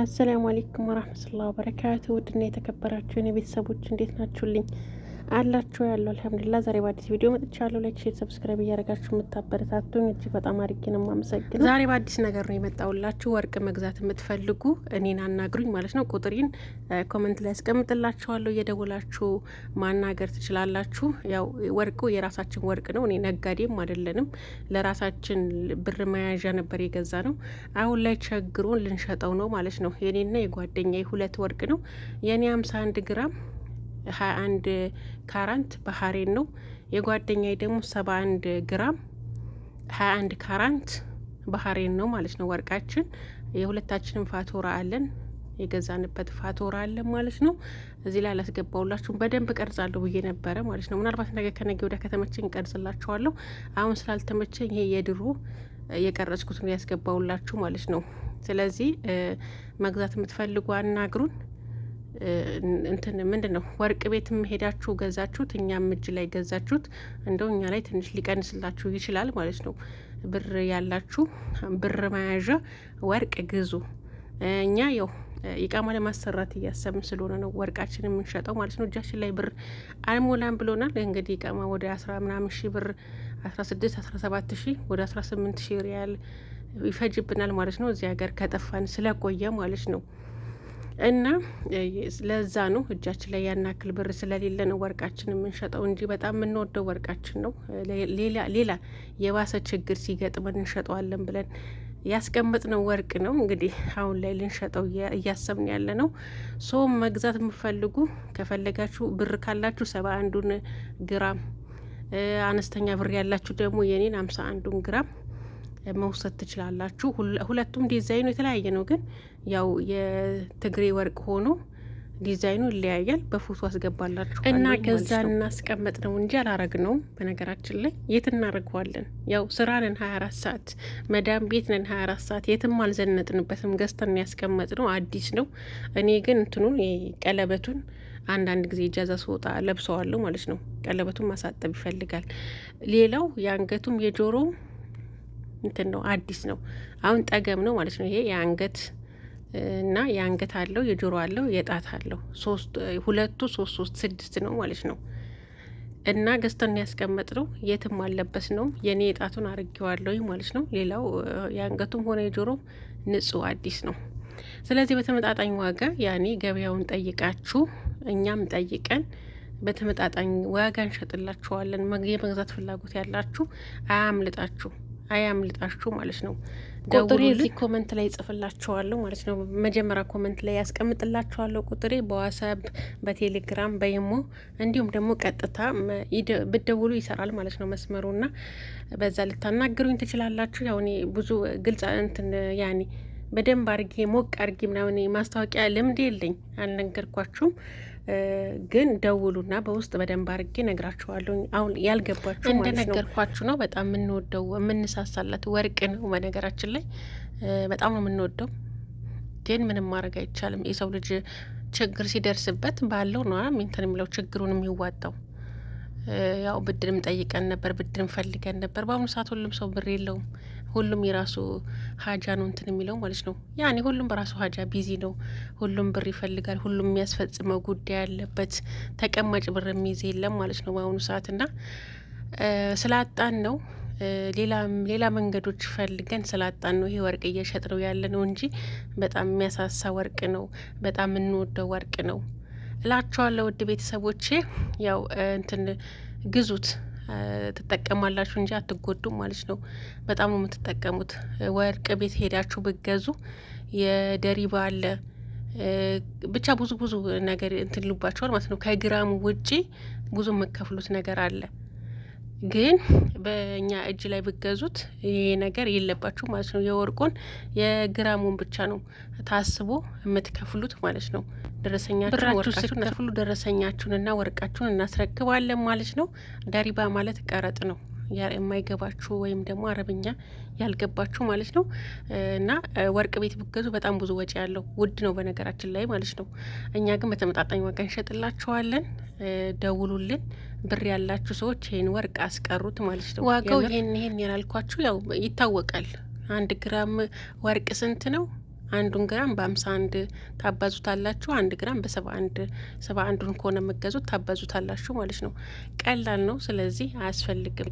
አሰላሙ አሌይኩም ወራህመቱላሂ ወበረካቱ ውድና የተከበራችሁ ቤተሰቦች እንዴት ናችሁልኝ? አላችሁ ያለው አልሐምዱሊላህ። ዛሬ በአዲስ ቪዲዮ መጥቻለሁ። ላይክ፣ ሼር፣ ሰብስክራይብ እያደረጋችሁ የምታበረታቱኝ እጅግ በጣም አድርጌ ነው የማመሰግነው። ዛሬ በአዲስ ነገር ነው የመጣውላችሁ። ወርቅ መግዛት የምትፈልጉ እኔን አናግሩኝ ማለት ነው። ቁጥሪን ኮመንት ላይ አስቀምጥላችኋለሁ። እየደወላችሁ ማናገር ትችላላችሁ። ያው ወርቁ የራሳችን ወርቅ ነው። እኔ ነጋዴም አይደለንም። ለራሳችን ብር መያዣ ነበር የገዛ ነው። አሁን ላይ ቸግሮን ልንሸጠው ነው ማለት ነው። የኔና የጓደኛ ሁለት ወርቅ ነው። የኔ 51 ግራም ሀያ አንድ ካራንት ባህሬን ነው። የጓደኛዬ ደግሞ ሰባ አንድ ግራም ሀያ አንድ ካራንት ባህሬን ነው ማለት ነው ወርቃችን። የሁለታችንም ፋቶራ አለን የገዛንበት ፋቶራ አለን ማለት ነው። እዚህ ላይ አላስገባውላችሁም በደንብ ቀርጻለሁ ብዬ ነበረ ማለት ነው። ምናልባት ነገ ከነገ ወዲያ ከተመቸኝ ቀርጽላችኋለሁ። አሁን ስላልተመቸኝ ይሄ የድሮ የቀረጽኩት ነው ያስገባውላችሁ ማለት ነው። ስለዚህ መግዛት የምትፈልጉ አናግሩን። እንትን ምንድን ነው ወርቅ ቤትም ሄዳችሁ ገዛችሁት፣ እኛም እጅ ላይ ገዛችሁት። እንደው እኛ ላይ ትንሽ ሊቀንስላችሁ ይችላል ማለት ነው። ብር ያላችሁ ብር መያዣ ወርቅ ግዙ። እኛ ያው ይቃማ ለማሰራት እያሰብን ስለሆነ ነው ወርቃችን የምንሸጠው ማለት ነው። እጃችን ላይ ብር አልሞላም ብሎናል። እንግዲህ ይቃማ ወደ አስራ ምናምን ሺ ብር አስራ ስድስት አስራ ሰባት ሺህ ወደ አስራ ስምንት ሺ ሪያል ይፈጅብናል ማለት ነው። እዚህ ሀገር ከጠፋን ስለቆየ ማለት ነው። እና ለዛ ነው እጃችን ላይ ያናክል ብር ስለሌለ ነው ወርቃችን የምንሸጠው እንጂ በጣም የምንወደው ወርቃችን ነው። ሌላ የባሰ ችግር ሲገጥመን እንሸጠዋለን ብለን ያስቀመጥነው ወርቅ ነው። እንግዲህ አሁን ላይ ልንሸጠው እያሰብን ያለ ነው። ሶም መግዛት የምፈልጉ ከፈለጋችሁ ብር ካላችሁ ሰባ አንዱን ግራም አነስተኛ ብር ያላችሁ ደግሞ የኔን አምሳ አንዱን ግራም መውሰድ ትችላላችሁ። ሁለቱም ዲዛይኑ የተለያየ ነው፣ ግን ያው የትግሬ ወርቅ ሆኖ ዲዛይኑ ይለያያል። በፎቶ አስገባላችሁ እና ገዛ እናስቀመጥ ነው እንጂ አላረግ ነው። በነገራችን ላይ የት እናደርገዋለን? ያው ስራ ነን፣ ሀያ አራት ሰዓት መዳም ቤት ነን፣ ሀያ አራት ሰዓት የትም አልዘነጥንበትም። ገዝተን ያስቀመጥ ነው፣ አዲስ ነው። እኔ ግን እንትኑን ቀለበቱን አንዳንድ ጊዜ እጃዛ ስወጣ ለብሰዋለሁ ማለት ነው። ቀለበቱን ማሳጠብ ይፈልጋል። ሌላው የአንገቱም የጆሮው እንትን ነው፣ አዲስ ነው። አሁን ጠገም ነው ማለት ነው። ይሄ የአንገት እና የአንገት አለው፣ የጆሮ አለው፣ የጣት አለው። ሁለቱ ሶስት ሶስት ስድስት ነው ማለት ነው። እና ገዝተን ያስቀመጥ ነው የትም አለበስ ነው። የእኔ የጣቱን አርጌዋለሁ ማለት ነው። ሌላው የአንገቱም ሆነ የጆሮ ንጹህ አዲስ ነው። ስለዚህ በተመጣጣኝ ዋጋ ያኔ ገበያውን ጠይቃችሁ እኛም ጠይቀን በተመጣጣኝ ዋጋ እንሸጥላችኋለን። የመግዛት ፍላጎት ያላችሁ አያምልጣችሁ። አያምልጣችሁ ማለት ነው። ቁጥሬ እዚህ ኮመንት ላይ ጽፍላችኋለሁ ማለት ነው። መጀመሪያ ኮመንት ላይ ያስቀምጥላችኋለሁ ቁጥሬ በዋትስአፕ በቴሌግራም በይሞ እንዲሁም ደግሞ ቀጥታ ብደውሉ ይሰራል ማለት ነው መስመሩና በዛ ልታናገሩኝ ትችላላችሁ። ያው እኔ ብዙ ግልጽ እንትን ያኔ በደንብ አርጌ ሞቅ አርጌ ምናምን ማስታወቂያ ልምድ የለኝ አልነገርኳችሁም። ግን ደውሉና በውስጥ በደንብ አድርጌ ነግራችኋለሁ። አሁን ያልገባችሁ እንደነገርኳችሁ ነው። በጣም የምንወደው የምንሳሳላት ወርቅ ነው። በነገራችን ላይ በጣም ነው የምንወደው፣ ግን ምንም ማድረግ አይቻልም። የሰው ልጅ ችግር ሲደርስበት ባለው ነ እንትን የሚለው ችግሩን የሚዋጣው። ያው ብድርም ጠይቀን ነበር፣ ብድርም ፈልገን ነበር። በአሁኑ ሰዓት ሁሉም ሰው ብር የለውም። ሁሉም የራሱ ሀጃ ነው እንትን የሚለው ማለት ነው። ያኔ ሁሉም በራሱ ሀጃ ቢዚ ነው። ሁሉም ብር ይፈልጋል። ሁሉም የሚያስፈጽመው ጉዳይ ያለበት ተቀማጭ ብር የሚይዝ የለም ማለት ነው በአሁኑ ሰዓት እና ስላጣን ነው ሌላ መንገዶች ፈልገን ስላጣን ነው። ይሄ ወርቅ እየሸጥ ነው ያለ ነው እንጂ በጣም የሚያሳሳ ወርቅ ነው። በጣም የምንወደው ወርቅ ነው እላቸዋለሁ። ውድ ቤተሰቦቼ ያው እንትን ግዙት ትጠቀማላችሁ እንጂ አትጎዱም ማለት ነው። በጣም ነው የምትጠቀሙት። ወርቅ ቤት ሄዳችሁ ብገዙ የደሪባ አለ ብቻ ብዙ ብዙ ነገር እንትልባቸዋል ማለት ነው። ከግራም ውጪ ብዙ የምከፍሉት ነገር አለ። ግን በእኛ እጅ ላይ ብገዙት ይሄ ነገር የለባችሁ ማለት ነው። የወርቁን የግራሙን ብቻ ነው ታስቦ የምትከፍሉት ማለት ነው። ደረሰኛችሁን እና ወርቃችሁን እናስረክባለን ማለት ነው። ዳሪባ ማለት ቀረጥ ነው የማይገባችሁ ወይም ደግሞ አረብኛ ያልገባችሁ ማለት ነው። እና ወርቅ ቤት ብገዙ በጣም ብዙ ወጪ ያለው ውድ ነው በነገራችን ላይ ማለት ነው። እኛ ግን በተመጣጣኝ ዋጋ እንሸጥላችኋለን። ደውሉልን። ብር ያላችሁ ሰዎች ይህን ወርቅ አስቀሩት ማለት ነው። ዋጋው ይህን ይህን ያላልኳችሁ ያው ይታወቃል። አንድ ግራም ወርቅ ስንት ነው? አንዱን ግራም በአምሳ አንድ ታባዙታላችሁ። አንድ ግራም በሰባ አንድ ሰባ አንዱን ከሆነ መገዙት ታባዙታላችሁ ማለት ነው። ቀላል ነው። ስለዚህ አያስፈልግም።